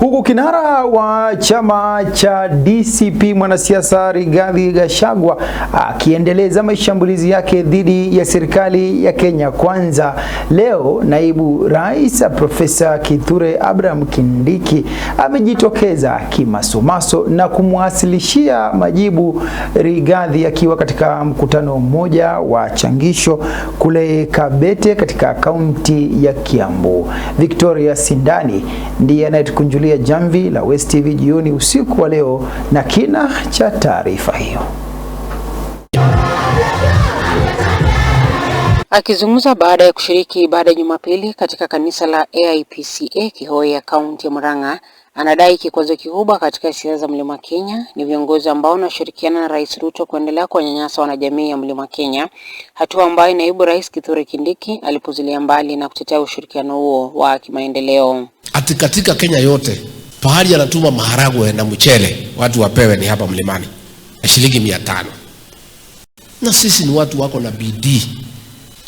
Huku kinara wa chama cha DCP mwanasiasa Rigathi Gachagua akiendeleza mashambulizi yake dhidi ya serikali ya Kenya Kwanza, leo naibu rais Profesa Kithure Abraham Kindiki amejitokeza kimasomaso na kumwasilishia majibu Rigathi akiwa katika mkutano mmoja wa changisho kule Kabete katika kaunti ya Kiambu. Victoria Sindani ndiye anayetukunjulia ya jamvi la West TV jioni usiku wa leo na kina cha taarifa hiyo. Akizungumza baada ya kushiriki ibada Jumapili katika kanisa la AIPCA Kihoya ya kaunti ya Murang'a, anadai kikwazo kikubwa katika siasa za Mlima Kenya ni viongozi ambao wanashirikiana na Rais Ruto kuendelea kuwanyanyasa wanajamii ya Mlima Kenya, hatua ambayo naibu rais Kithure Kindiki alipuzilia mbali na kutetea ushirikiano huo wa kimaendeleo. Ati katika Kenya yote pahali anatuma maharagwe na mchele watu wapewe ni hapa mlimani na shilingi mia tano, na sisi ni watu wako na bidii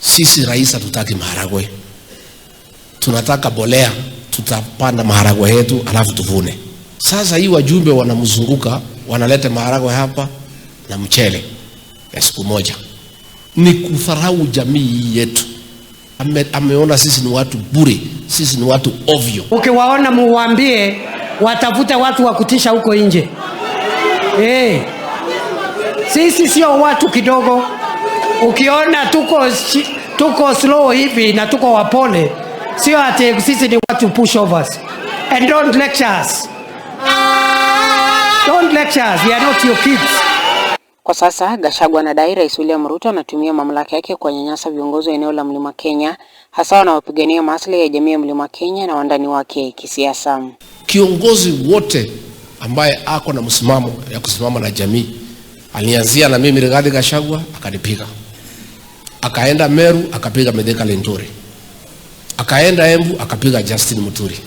sisi rais hatutaki maharagwe, tunataka bolea, tutapanda maharagwe yetu alafu tuvune. Sasa hii wajumbe wanamzunguka wanaleta maharagwe hapa na mchele ya siku moja, ni kudharau jamii yetu. Ame, ameona sisi ni watu bure, sisi ni watu ovyo. Ukiwaona muwaambie watafute watu wa kutisha huko nje. Hey, eh, sisi sio watu kidogo. Ukiona tuko, tuko slow hivi na tuko wapole, sio ati sisi ni watu push overs. And don't lecture us. Don't lecture us. We are not your kids. Kwa sasa Gachagua anadai Rais William Ruto anatumia mamlaka yake kuwanyanyasa viongozi wa eneo la Mlima Kenya, hasa wanaopigania maslahi ya jamii ya Mlima Kenya na wandani wake kisiasa. Kiongozi wote ambaye ako na msimamo ya kusimama na jamii alianzia na mimi Rigathi Gachagua akanipiga akaenda Meru akapiga Mithika Linturi, akaenda Embu akapiga Justin Muturi,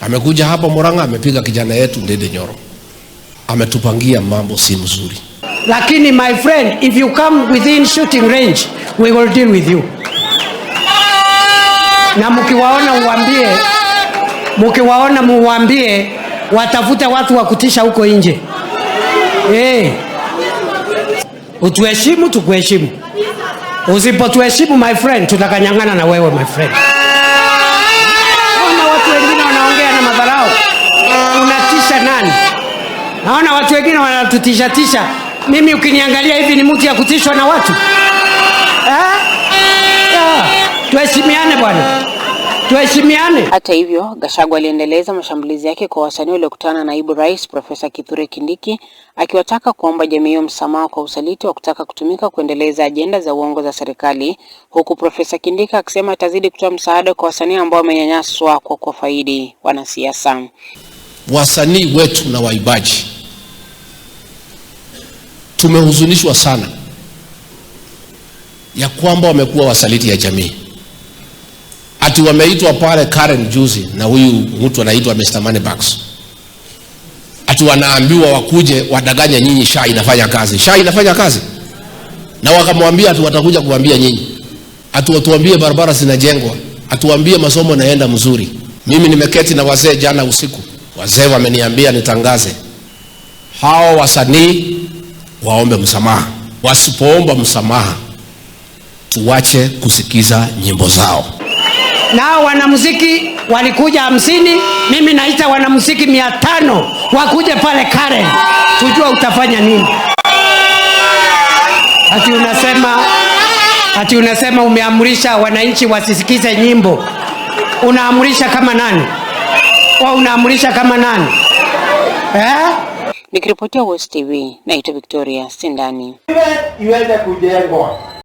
amekuja hapa Murang'a amepiga kijana yetu Ndede Nyoro. Ametupangia mambo si mzuri, lakini my friend, if you come within shooting range we will deal with you. Na mkiwaona uambie, mkiwaona muambie watafute watu wa kutisha huko nje. Eh. Hey, utuheshimu tukuheshimu. Usipotuheshimu my friend, tutakanyang'ana na wewe my friend. Naona watu wengine wanaongea na madharau, unatisha nani? Naona watu wengine wanatutisha tisha. Mimi ukiniangalia hivi ni mtu ya kutishwa na watu eh? Yeah. Tuheshimiane bwana tuheshimiane. Hata hivyo, Gachagua aliendeleza mashambulizi yake kwa wasanii waliokutana na naibu rais Profesa Kithure Kindiki akiwataka kuomba jamii hiyo msamaha kwa usaliti wa kutaka kutumika kuendeleza ajenda za uongo za serikali, huku Profesa Kindiki akisema atazidi kutoa msaada kwa wasanii ambao wamenyanyaswa kwa kuwafaidi wanasiasa. Wasanii wetu na waibaji, tumehuzunishwa sana ya kwamba wamekuwa wasaliti ya jamii ati wameitwa pale Karen juzi na huyu mtu anaitwa Mr. Moneybags, ati wanaambiwa wakuje wadanganye nyinyi, SHA inafanya kazi, SHA inafanya kazi, na wakamwambia ati watakuja kuambia nyinyi, ati watuambie barabara zinajengwa, atuambie masomo naenda mzuri. Mimi nimeketi na wazee jana usiku, wazee wameniambia nitangaze hao wasanii waombe msamaha. Wasipoomba msamaha, tuache kusikiza nyimbo zao nao wanamuziki walikuja hamsini, mimi naita wanamuziki mia tano wakuje pale kare tujua utafanya nini. Ati unasema ati unasema umeamrisha wananchi wasisikize nyimbo. Unaamrisha kama nani? Wa unaamrisha kama nani eh? Nikiripotia West TV naitwa Victoria Sindani iweze kujengwa.